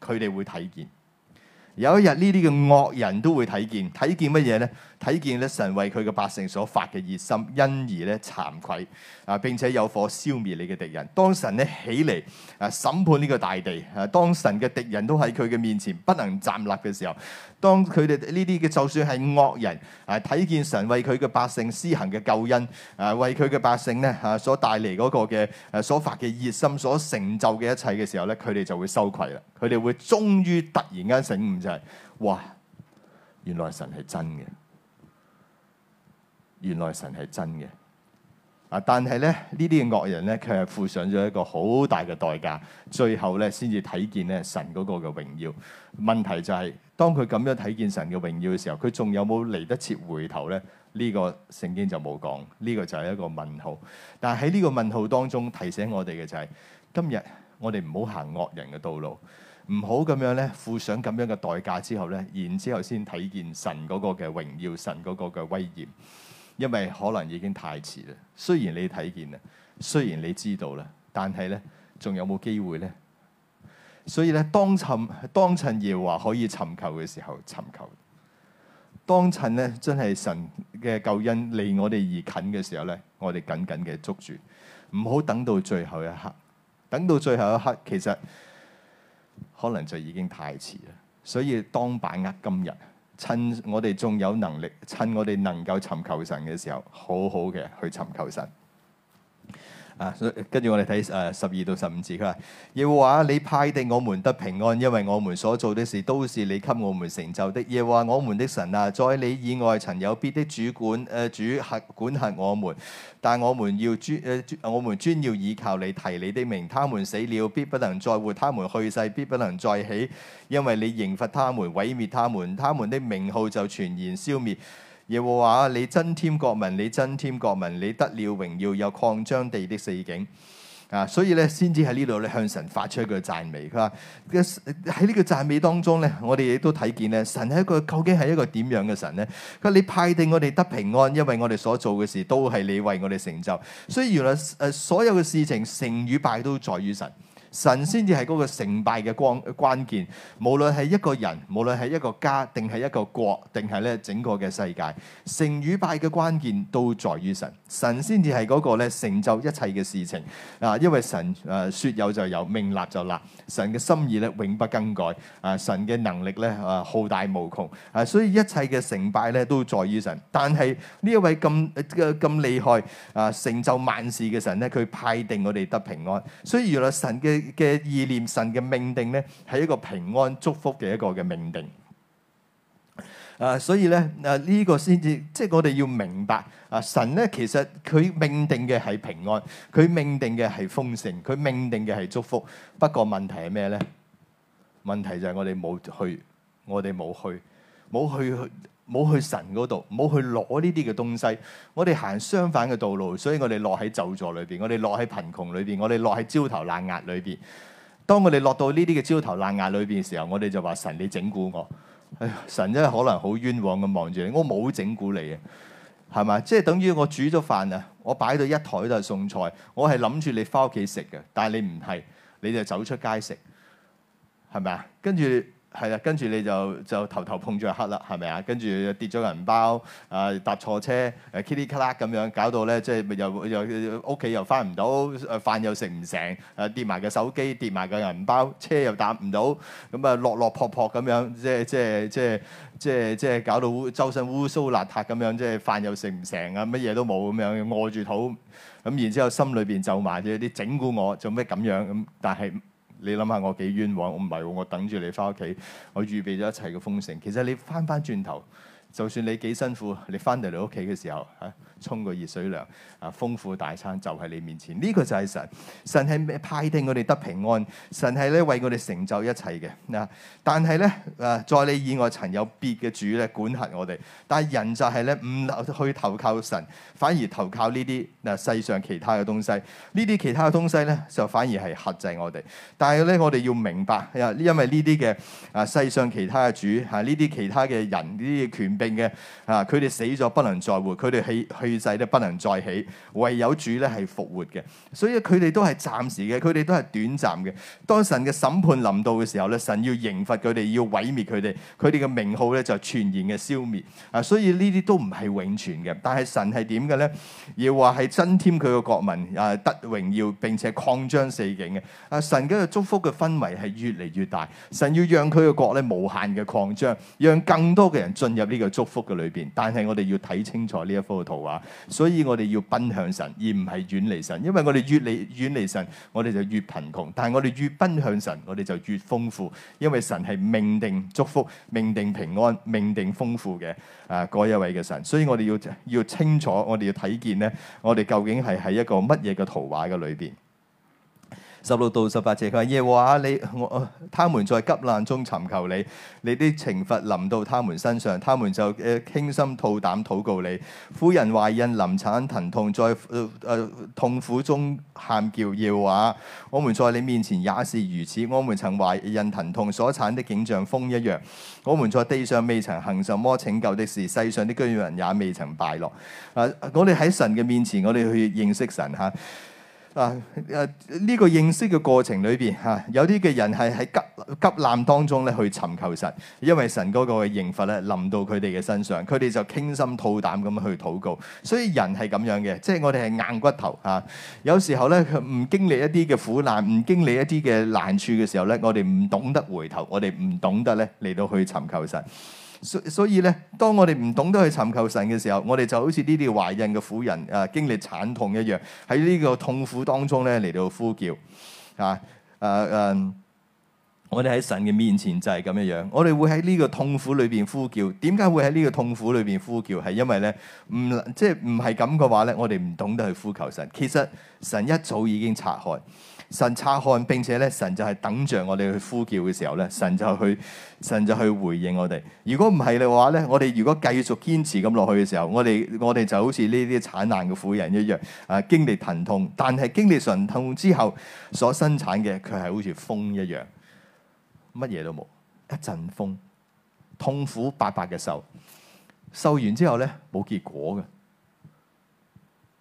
佢哋會睇見，有一日呢啲嘅惡人都會睇見，睇見乜嘢咧？睇見咧神為佢嘅百姓所發嘅熱心，因而咧慚愧啊！並且有火燒滅你嘅敵人。當神咧起嚟啊審判呢個大地啊，當神嘅敵人都喺佢嘅面前不能站立嘅時候，當佢哋呢啲嘅就算係惡人啊，睇見神為佢嘅百姓施行嘅救恩啊，為佢嘅百姓咧啊所帶嚟嗰個嘅啊所發嘅熱心所成就嘅一切嘅時候咧，佢哋就會羞愧啦！佢哋會終於突然間醒悟就係、是：哇，原來神係真嘅！原來神係真嘅，啊！但係咧呢啲嘅惡人咧，佢係付上咗一個好大嘅代價，最後咧先至睇見咧神嗰個嘅榮耀。問題就係，當佢咁樣睇見神嘅榮耀嘅時候，佢仲有冇嚟得切回頭咧？呢個聖經就冇講，呢個就係一個問號。但係喺呢個問號當中，提醒我哋嘅就係，今日我哋唔好行惡人嘅道路，唔好咁樣咧付上咁樣嘅代價之後咧，然之後先睇見神嗰個嘅榮耀，神嗰個嘅威嚴。因為可能已經太遲啦。雖然你睇見啦，雖然你知道啦，但係呢仲有冇機會呢？所以咧，當趁當趁耶和華可以尋求嘅時候尋求；當趁呢真係神嘅救恩離我哋而近嘅時候呢，我哋緊緊嘅捉住，唔好等到最後一刻。等到最後一刻，其實可能就已經太遲啦。所以當把握今日。趁我哋仲有能力，趁我哋能夠尋求神嘅時候，好好嘅去尋求神。啊，跟住我哋睇誒十二到十五字，佢話：耶和華 你派定我們得平安，因為我們所做的事都是你給我們成就的。耶和華我們的神啊，在你以外曾有別的主管誒、呃、主客管轄我們，但我們要專誒、呃、我們專要倚靠你，提你的名。他們死了必不能再活，他們去世必不能再起，因為你刑罰他們，毀滅他們，他們的名號就全然消滅。耶和華：你增添國民，你增添國民，你得了榮耀，又擴張地的四境。啊，所以咧，先至喺呢度咧向神發出一個讚美。佢話，喺呢個讚美當中咧，我哋亦都睇見咧，神係一個究竟係一個點樣嘅神咧？佢話你派定我哋得平安，因為我哋所做嘅事都係你為我哋成就。所以原來誒、呃，所有嘅事情成與敗都在於神。神先至係嗰個成敗嘅光關鍵，無論係一個人，無論係一個家，定係一個國，定係咧整個嘅世界，成與敗嘅關鍵都在於神。神先至係嗰個咧成就一切嘅事情啊！因為神誒説、啊、有就有，命立就立。神嘅心意咧永不更改啊！神嘅能力咧啊浩大無窮啊！所以一切嘅成敗咧都在於神。但係呢一位咁嘅咁厲害啊成就萬事嘅神咧，佢派定我哋得平安。所以原來神嘅嘅意念，神嘅命定呢，係一個平安祝福嘅一個嘅命定。啊，所以呢啊呢個先至，即係我哋要明白啊，神呢其實佢命定嘅係平安，佢命定嘅係豐盛，佢命定嘅係祝福。不過問題係咩呢？問題就係我哋冇去，我哋冇去，冇去去。冇去神嗰度，冇去攞呢啲嘅東西。我哋行相反嘅道路，所以我哋落喺咒詛裏邊，我哋落喺貧窮裏邊，我哋落喺焦頭爛額裏邊。當我哋落到呢啲嘅焦頭爛額裏邊嘅時候，我哋就話：神，你整蠱我！哎，神真係可能好冤枉咁望住你，我冇整蠱你啊，係咪？即係等於我煮咗飯啊，我擺到一枱都係餸菜，我係諗住你返屋企食嘅，但係你唔係，你就走出街食，係咪啊？跟住。係啦，跟住、嗯、你就就頭頭碰著黑啦，係咪啊？跟住跌咗銀包，啊搭錯車，誒、啊、ki 啲 klak 咁樣，搞到咧即係咪又又屋企又翻唔到，誒飯又食唔成，誒跌埋個手機，跌埋個銀包，車又搭唔到，咁啊，啊落落撲撲咁樣，即係即係即係即係即係搞到周身烏糟邋遢咁樣，即係飯又食唔成啊，乜嘢都冇咁樣餓住肚，咁然之後心裏邊就埋啫，你、啊、整蠱我做咩咁樣咁、啊？但係。你諗下我幾冤枉？我唔係喎，我等住你翻屋企，我預備咗一切嘅豐盛。其實你翻翻轉頭，就算你幾辛苦，你翻到嚟屋企嘅時候嚇。啊衝個熱水涼，啊豐富大餐就喺你面前，呢、這個就係神，神係派定我哋得平安，神係咧為我哋成就一切嘅嗱、啊。但係咧，誒、啊、在你以外曾有別嘅主咧管轄我哋，但係人就係咧唔去投靠神，反而投靠呢啲嗱世上其他嘅東西，呢啲其他嘅東西咧就反而係轄制我哋。但係咧，我哋要明白啊，因為呢啲嘅啊世上其他嘅主嚇，呢、啊、啲其他嘅人呢啲權柄嘅嚇，佢、啊、哋死咗不能再活，佢哋係係。佢哋不能再起，唯有主咧係復活嘅，所以佢哋都係暫時嘅，佢哋都係短暫嘅。當神嘅審判臨到嘅時候咧，神要刑罰佢哋，要毀滅佢哋，佢哋嘅名號咧就全然嘅消滅啊！所以呢啲都唔係永存嘅。但係神係點嘅咧？要話係增添佢嘅國民啊，得榮耀，並且擴張四境嘅啊！神嘅祝福嘅氛圍係越嚟越大，神要讓佢嘅國咧無限嘅擴張，讓更多嘅人進入呢個祝福嘅裏邊。但係我哋要睇清楚呢一幅圖畫。所以我哋要奔向神，而唔係遠離神。因為我哋越嚟遠離神，我哋就越貧窮。但係我哋越奔向神，我哋就越豐富。因為神係命定祝福、命定平安、命定豐富嘅啊！嗰一位嘅神，所以我哋要要清楚，我哋要睇見咧，我哋究竟係喺一個乜嘢嘅圖畫嘅裏邊。十六到十八節，佢話耶和華你，我，他們在急難中尋求你，你啲懲罰臨到他們身上，他們就誒傾心吐膽禱告你。婦人懷孕臨產疼痛，在誒、呃、痛苦中喊叫，要話我們在你面前也是如此。我們曾懷孕疼痛所產的景象，風一樣。我們在地上未曾行什麼拯救的事，世上的居民也未曾敗落。啊，我哋喺神嘅面前，我哋去認識神吓。啊啊！誒、啊、呢、這個認識嘅過程裏邊嚇，有啲嘅人係喺急急難當中咧去尋求神，因為神嗰個刑罰咧臨到佢哋嘅身上，佢哋就傾心吐膽咁去禱告。所以人係咁樣嘅，即係我哋係硬骨頭嚇、啊。有時候咧，佢唔經歷一啲嘅苦難，唔經歷一啲嘅難處嘅時候咧，我哋唔懂得回頭，我哋唔懂得咧嚟到去尋求神。所所以咧，當我哋唔懂得去尋求神嘅時候，我哋就好似呢啲懷孕嘅婦人啊，經歷慘痛一樣，喺呢個痛苦當中咧嚟到呼叫啊。誒誒、啊，我哋喺神嘅面前就係咁樣樣。我哋會喺呢個痛苦裏邊呼叫，點解會喺呢個痛苦裏邊呼叫？係因為咧唔即係唔係咁嘅話咧，我哋唔懂得去呼求神。其實神一早已經拆開。神察看，並且咧神就係等着我哋去呼叫嘅時候咧，神就去，神就去回應我哋。如果唔係嘅話咧，我哋如果繼續堅持咁落去嘅時候，我哋我哋就好似呢啲產難嘅婦人一樣，啊經歷疼痛，但係經歷疼痛之後所生產嘅，佢係好似風一樣，乜嘢都冇，一陣風，痛苦白白嘅受，受完之後咧冇結果嘅。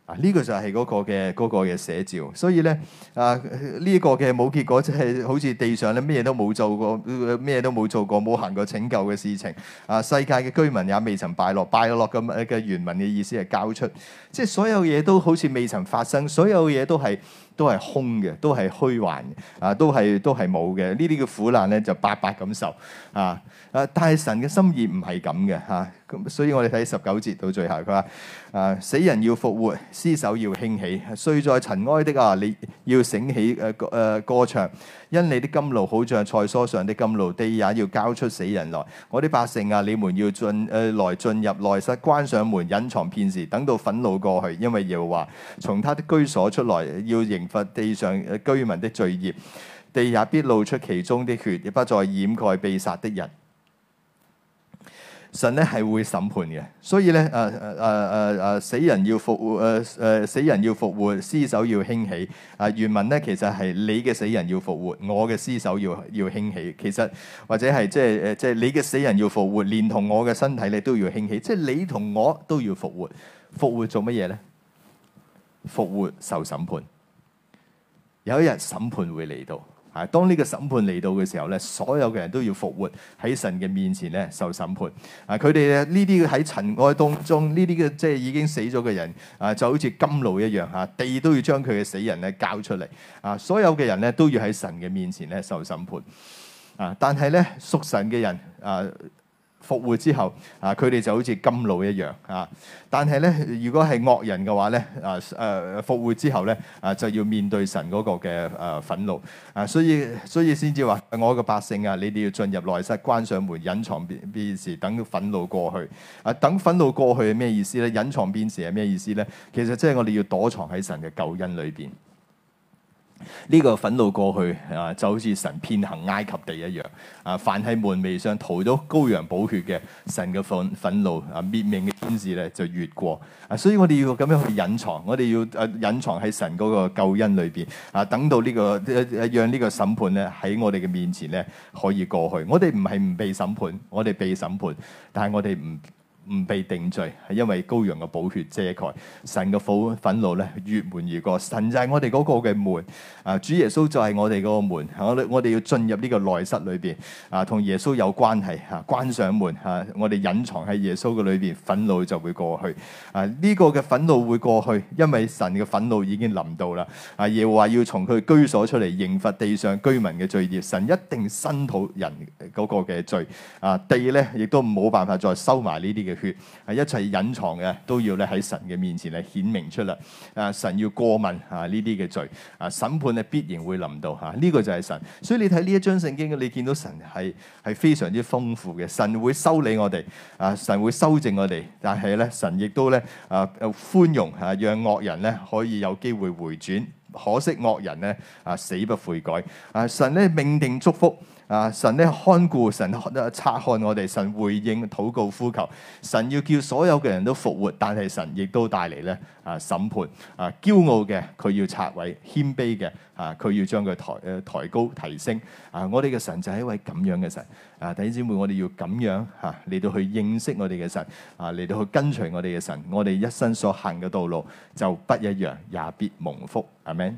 啊！呢個就係嗰個嘅嗰個嘅寫照，所以咧啊呢個嘅冇結果，即係好似地上咧咩都冇做過，咩都冇做過，冇行過拯救嘅事情。啊，世界嘅居民也未曾敗落，敗落嘅嘅原文嘅意思係交出。即係所有嘢都好似未曾發生，所有嘢都係都係空嘅，都係虛幻嘅，啊，都係都係冇嘅。呢啲嘅苦難咧，就白白感受啊！啊，但係神嘅心意唔係咁嘅嚇，咁、啊、所以我哋睇十九節到最後，佢話啊，死人要復活，屍首要興起，睡在塵埃的啊，你要醒起誒誒、呃呃、歌唱。因你啲甘露好像菜蔬上的甘露，地也要交出死人來。我啲百姓啊，你們要進，誒、呃、來進入內室，關上門隱藏片時，等到憤怒過去。因為要話，從他的居所出來，要刑罰地上居民的罪孽，地也必露出其中的血，亦不再掩蓋被殺的人。神咧係會審判嘅，所以咧誒誒誒誒誒死人要復活誒誒死人要復活，屍首要，要興起。啊原文咧其實係你嘅死人要復活，我嘅屍首要要興起。其實或者係即係誒即係你嘅死人要復活，連同我嘅身體你都要興起。即係你同我都要復活。復活做乜嘢咧？復活受審判。有一日審判會嚟到。啊！當呢個審判嚟到嘅時候咧，所有嘅人都要復活喺神嘅面前咧受審判。啊！佢哋嘅呢啲喺塵埃當中，呢啲嘅即係已經死咗嘅人，啊就好似甘露一樣嚇、啊，地都要將佢嘅死人咧交出嚟。啊！所有嘅人咧都要喺神嘅面前咧受審判。啊！但係咧屬神嘅人啊～復活之後，啊，佢哋就好似甘露一樣，啊，但係咧，如果係惡人嘅話咧，啊，誒、啊、復活之後咧，啊就要面對神嗰個嘅誒、啊、憤怒，啊，所以所以先至話我嘅百姓啊，你哋要進入內室，關上門，隱藏邊邊時，等憤怒過去，啊，等憤怒過去係咩意思咧？隱藏邊時係咩意思咧？其實即係我哋要躲藏喺神嘅救恩裏邊。呢個憤怒過去啊，就好似神偏行埃及地一樣啊。凡喺門楣上塗咗羔羊寶血嘅神嘅憤憤怒啊，滅命嘅天使咧就越過啊。所以我哋要咁樣去隱藏，我哋要誒、啊、隱藏喺神嗰個救恩裏邊啊。等到呢、這個誒、啊、讓呢個審判咧喺我哋嘅面前咧可以過去。我哋唔係唔被審判，我哋被審判，但係我哋唔。唔被定罪，係因為羔羊嘅寶血遮蓋，神嘅火憤怒咧越門而過，神就係我哋嗰個嘅門啊，主耶穌就係我哋嗰個門。我我哋要進入呢個內室裏邊啊，同耶穌有關係嚇。關上門嚇，我哋隱藏喺耶穌嘅裏邊，憤怒就會過去啊。呢個嘅憤怒會過去，因為神嘅憤怒已經臨到啦。啊，耶和華要從佢居所出嚟，刑罰地上居民嘅罪孽。神一定申討人嗰個嘅罪啊，地咧亦都冇辦法再收埋呢啲嘅。血係一切隱藏嘅，都要咧喺神嘅面前咧顯明出嚟。啊，神要過問啊呢啲嘅罪啊，審、啊、判咧必然會臨到吓。呢、啊呢個就係神，所以你睇呢一章聖經，你見到神係係非常之豐富嘅。神會修理我哋啊，神會修正我哋，但係咧神亦都咧啊寬容吓、啊，讓惡人咧可以有機會回轉。可惜惡人呢，啊死不悔改啊，神咧命定祝福。啊！神咧看顧，神、啊、察看我哋，神回應禱告呼求。神要叫所有嘅人都復活，但係神亦都帶嚟咧啊審判啊！驕、啊、傲嘅佢要拆毀，謙卑嘅啊佢要將佢抬抬高提升啊！我哋嘅神就係一位咁樣嘅神啊！弟兄姊妹，我哋要咁樣吓嚟到去認識我哋嘅神啊，嚟到去跟隨我哋嘅神，我哋一生所行嘅道路就不一樣，也必蒙福。阿門。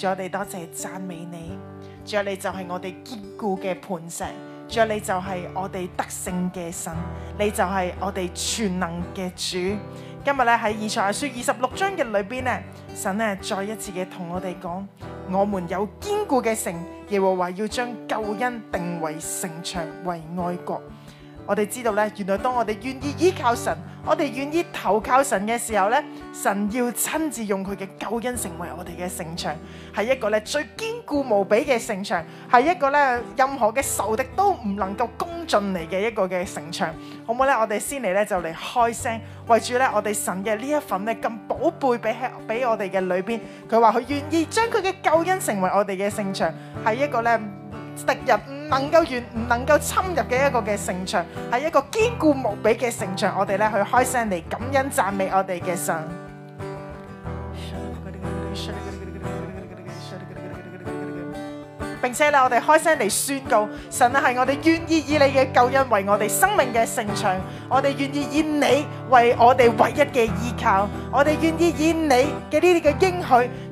主啊，你多謝讚美你，主啊，你就係我哋堅固嘅磐石，主啊，你就係我哋得勝嘅神，你就係我哋全能嘅主。今日咧喺以賽亞書二十六章嘅裏邊咧，神咧再一次嘅同我哋講，我們有堅固嘅城，耶和華要將救恩定為城牆，為外郭。我哋知道咧，原來當我哋願意依靠神，我哋願意投靠神嘅時候咧，神要親自用佢嘅救恩成為我哋嘅城牆，係一個咧最堅固無比嘅城牆，係一個咧任何嘅仇敵都唔能夠攻進嚟嘅一個嘅城牆。好唔好咧？我哋先嚟咧就嚟開聲，為住咧我哋神嘅呢一份咧咁寶貝俾喺俾我哋嘅裏邊，佢話佢願意將佢嘅救恩成為我哋嘅城牆，係一個咧敵人。能夠完唔能夠侵入嘅一個嘅城牆，係一個堅固無比嘅城牆。我哋咧去開聲嚟感恩讚美我哋嘅神。 並且咧，我哋開聲嚟宣告，神啊，係我哋願意以你嘅救恩為我哋生命嘅城牆，我哋願意以你為我哋唯一嘅依靠，我哋願意以你嘅呢啲嘅應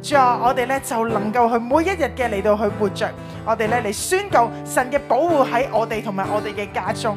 許，讓我哋咧就能夠去每一日嘅嚟到去活着，我哋咧嚟宣告神嘅保護喺我哋同埋我哋嘅家中。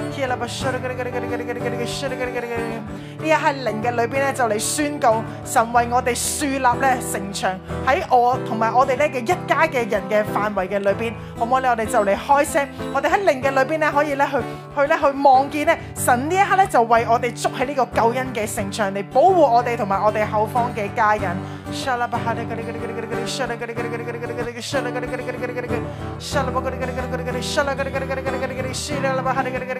呢一刻靈嘅裏邊咧就嚟宣告神為我哋樹立咧城牆喺我同埋我哋呢嘅一家嘅人嘅範圍嘅裏邊，好唔好咧？我哋就嚟開聲，我哋喺靈嘅裏邊咧可以咧去去咧去，去望見咧神呢一刻咧就為我哋捉起呢個救恩嘅城牆嚟保護我哋同埋我哋後方嘅家人。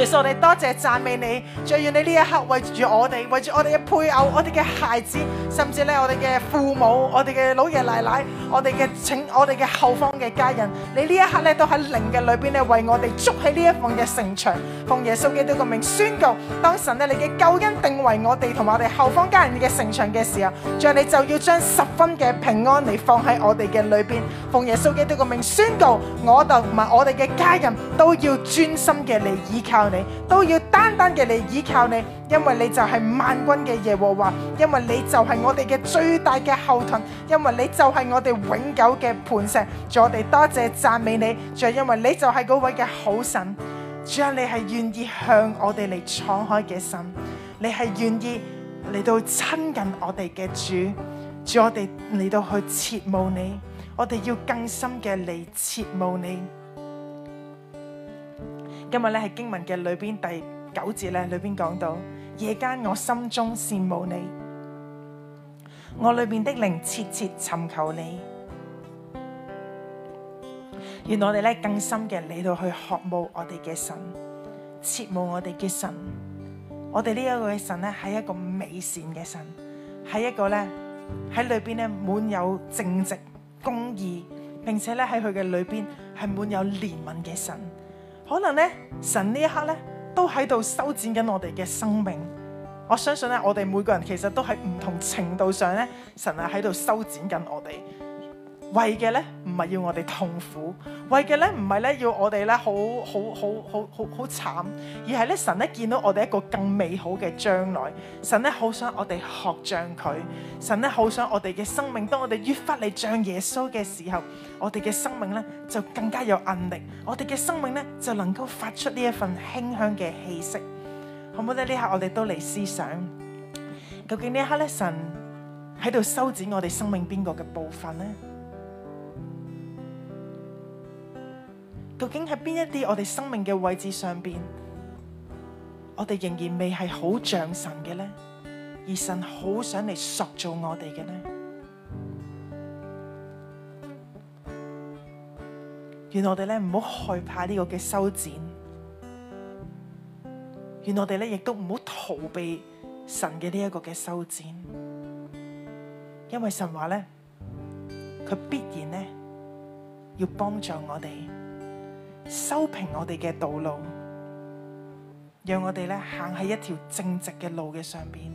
耶穌，我哋多謝讚美你，最願你呢一刻為住我哋，為住我哋嘅配偶，我哋嘅孩子，甚至咧我哋嘅父母，我哋嘅老爺奶奶，我哋嘅請，我哋嘅後方嘅家人，你呢一刻咧都喺靈嘅裏邊咧為我哋築起呢一縫嘅城牆，奉耶穌基督嘅名宣告，當神咧你嘅救恩定為我哋同埋我哋後方家人嘅城牆嘅時候，就你就要將十分嘅平安嚟，放喺我哋嘅裏邊，奉耶穌基督嘅名宣告，我就同埋我哋嘅家人都要專心嘅嚟依靠。你都要單單嘅嚟依靠你，因為你就係萬軍嘅耶和華，因為你就係我哋嘅最大嘅後盾，因為你就係我哋永久嘅磐石。主，我哋多謝讚美你，仲因為你就係嗰位嘅好神。主啊，你係願意向我哋嚟敞開嘅神，你係願意嚟到親近我哋嘅主。主，我哋嚟到去切慕你，我哋要更深嘅嚟切慕你。今日咧係經文嘅裏邊第九節咧，裏邊講到，夜間我心中羨慕你，我裏邊的靈切切尋求你。願我哋咧更深嘅嚟到去渴慕我哋嘅神，切慕我哋嘅神。我哋呢一個嘅神咧係一個美善嘅神，係一個咧喺裏邊咧滿有正直、公義，並且咧喺佢嘅裏邊係滿有憐憫嘅神。可能咧，神呢一刻咧，都喺度修剪緊我哋嘅生命。我相信咧，我哋每個人其實都喺唔同程度上咧，神係喺度修剪緊我哋。為嘅咧，唔係要我哋痛苦，為嘅咧，唔係咧要我哋咧，好好好好好好慘，而係咧，神咧見到我哋一個更美好嘅將來。神咧好想我哋學像佢，神咧好想我哋嘅生命。當我哋越發嚟，像耶穌嘅時候，我哋嘅生命咧就更加有韌力，我哋嘅生命咧就能夠發出呢一份馨香嘅氣息。好唔好咧？呢刻我哋都嚟思想，究竟呢一刻咧，神喺度修剪我哋生命邊個嘅部分咧？究竟喺邊一啲我哋生命嘅位置上邊，我哋仍然未係好像神嘅呢？而神好想嚟塑造我哋嘅呢？願我哋咧唔好害怕呢個嘅修剪，願我哋咧亦都唔好逃避神嘅呢一個嘅修剪，因為神話咧佢必然咧要幫助我哋。修平我哋嘅道路，讓我哋咧行喺一條正直嘅路嘅上邊，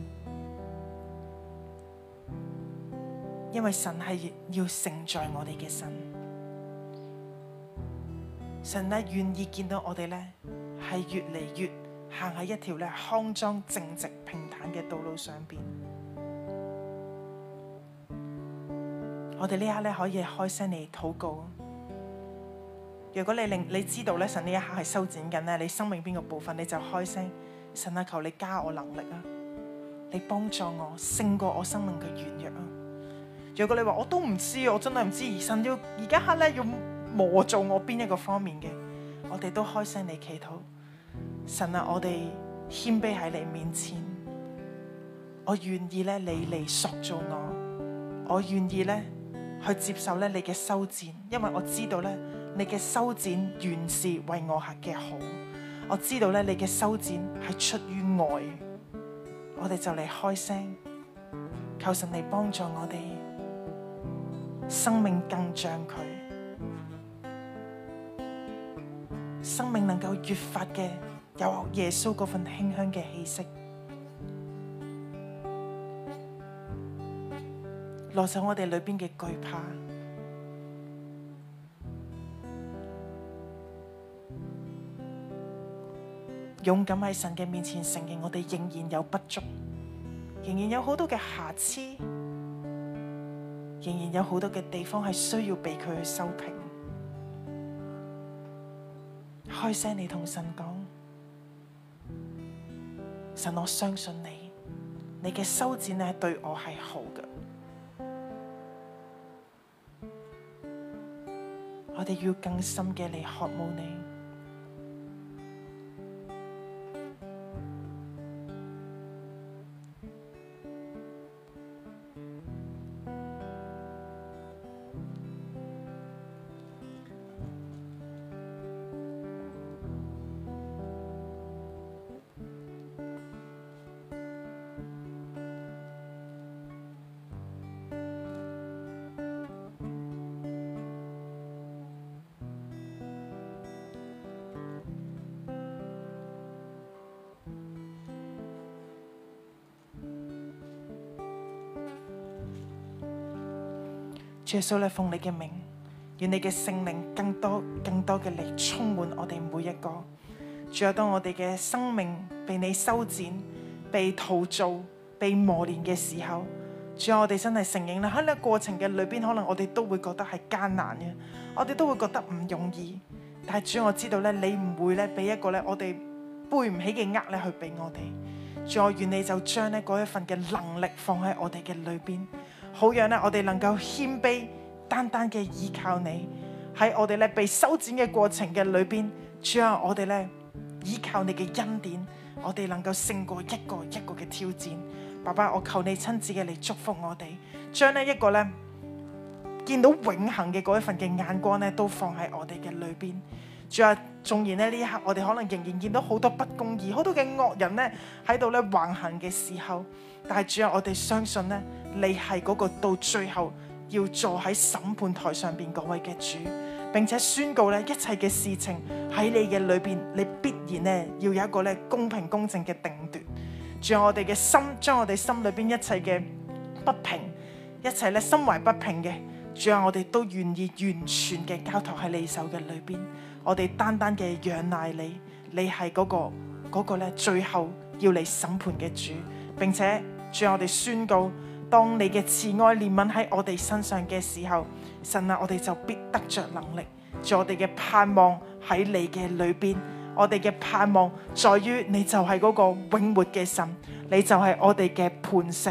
因為神係要盛在我哋嘅身，神啊願意見到我哋咧係越嚟越行喺一條咧康莊正直平坦嘅道路上邊。我哋呢刻咧可以開聲嚟禱告。如果你令你知道咧，神呢一刻係修剪緊咧，你生命邊個部分你就開聲，神啊，求你加我能力啊，你幫助我勝過我生命嘅軟弱啊。如果你話我都唔知，我真係唔知，而神要而家刻咧要磨造我邊一個方面嘅，我哋都開聲你祈禱神啊。我哋謙卑喺你面前，我願意咧你嚟塑造我，我願意咧去接受咧你嘅修剪，因為我知道咧。你嘅修剪原是為我下嘅好，我知道咧，你嘅修剪係出於愛。我哋就嚟開聲，求神嚟幫助我哋，生命更像佢，生命能夠越發嘅有耶穌嗰份馨香嘅氣息，攞走我哋裏面嘅懼怕。勇敢喺神嘅面前承認，我哋仍然有不足，仍然有好多嘅瑕疵，仍然有好多嘅地方係需要被佢去修平。開聲，你同神講，神，我相信你，你嘅修剪係對我係好嘅。我哋要更深嘅嚟渴慕你。。主，收咧奉你嘅名，願你嘅聖靈更多、更多嘅力充滿我哋每一個。仲有當我哋嘅生命被你修剪、被陶造、被磨練嘅時候，主啊，我哋真係承認咧，喺呢個過程嘅裏邊，可能我哋都會覺得係艱難嘅，我哋都會覺得唔容易。但係主，我知道咧，你唔會咧俾一個咧我哋背唔起嘅壓力去俾我哋。主啊，願你就將呢嗰一份嘅能力放喺我哋嘅裏邊。好讓咧我哋能夠謙卑，單單嘅依靠你喺我哋咧被修剪嘅過程嘅裏邊，將我哋咧依靠你嘅恩典，我哋能夠勝過一個一個嘅挑戰。爸爸，我求你親自嘅嚟祝福我哋，將呢一個咧見到永恆嘅嗰一份嘅眼光咧都放喺我哋嘅裏邊。仲話，縱然呢，呢一刻我哋可能仍然見到好多不公義，好多嘅惡人咧喺度咧橫行嘅時候。但係主，要我哋相信咧，你係嗰個到最後要坐喺審判台上邊嗰位嘅主，並且宣告咧，一切嘅事情喺你嘅裏邊，你必然咧要有一個咧公平公正嘅定奪。仲有，我哋嘅心，將我哋心裏邊一切嘅不平，一切咧心懷不平嘅，主啊，我哋都願意完全嘅交託喺你手嘅裏邊，我哋單單嘅仰賴你，你係嗰個嗰個咧最後要你審判嘅主，並且。仲有，我哋宣告，當你嘅慈愛憐憫喺我哋身上嘅時候，神啊，我哋就必得着能力。仲有，我哋嘅盼望喺你嘅裏邊，我哋嘅盼望在於你，你就係嗰個永活嘅神，你就係我哋嘅磐石。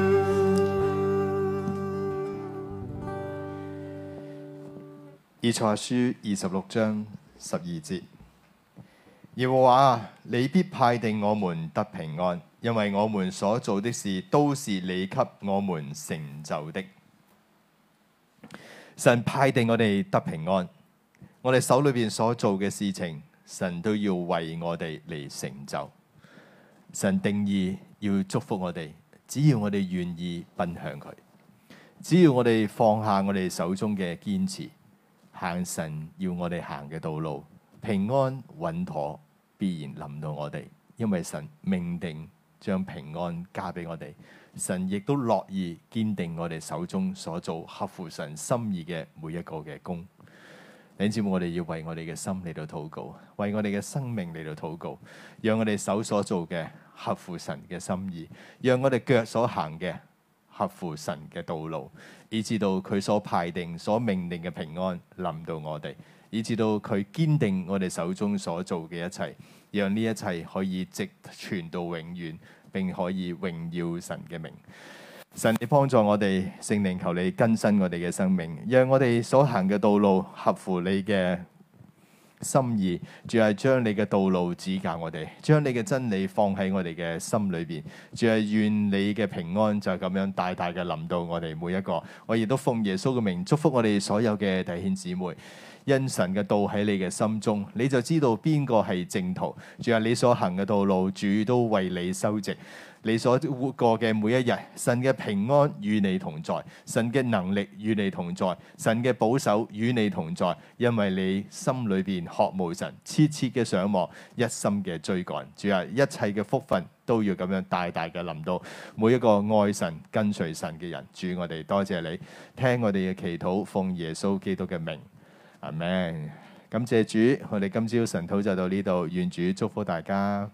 以賽亞書二十六章十二節，耶和華啊，你必派定我們得平安，因為我們所做的事都是你給我們成就的。神派定我哋得平安，我哋手裏邊所做嘅事情，神都要為我哋嚟成就。神定義要祝福我哋，只要我哋願意奔向佢，只要我哋放下我哋手中嘅堅持。行神要我哋行嘅道路，平安穩妥必然臨到我哋，因為神命定將平安加俾我哋。神亦都樂意堅定我哋手中所做合乎神心意嘅每一個嘅工。弟兄，我哋要為我哋嘅心嚟到禱告，為我哋嘅生命嚟到禱告，讓我哋手所做嘅合乎神嘅心意，讓我哋腳所行嘅。合乎神嘅道路，以至到佢所排定、所命令嘅平安臨到我哋，以至到佢堅定我哋手中所做嘅一切，讓呢一切可以直傳到永遠，並可以榮耀神嘅名。神，你幫助我哋，聖靈，求你更新我哋嘅生命，讓我哋所行嘅道路合乎你嘅心意，仲係將你嘅道路指教我哋，將你嘅真理放喺我哋嘅心裏邊，仲係願你嘅平安就係咁樣大大嘅臨到我哋每一個。我亦都奉耶穌嘅名祝福我哋所有嘅弟兄姊妹，因神嘅道喺你嘅心中，你就知道邊個係正途，仲係你所行嘅道路，主都為你修直。你所活過嘅每一日，神嘅平安與你同在，神嘅能力與你同在，神嘅保守與你同在，因為你心裏邊渴慕神，切切嘅上望，一心嘅追趕。主啊，一切嘅福分都要咁樣大大嘅臨到每一個愛神跟隨神嘅人。主，我哋多謝你，聽我哋嘅祈禱，奉耶穌基督嘅名。阿門。感謝主，我哋今朝神禱就到呢度，願主祝福大家。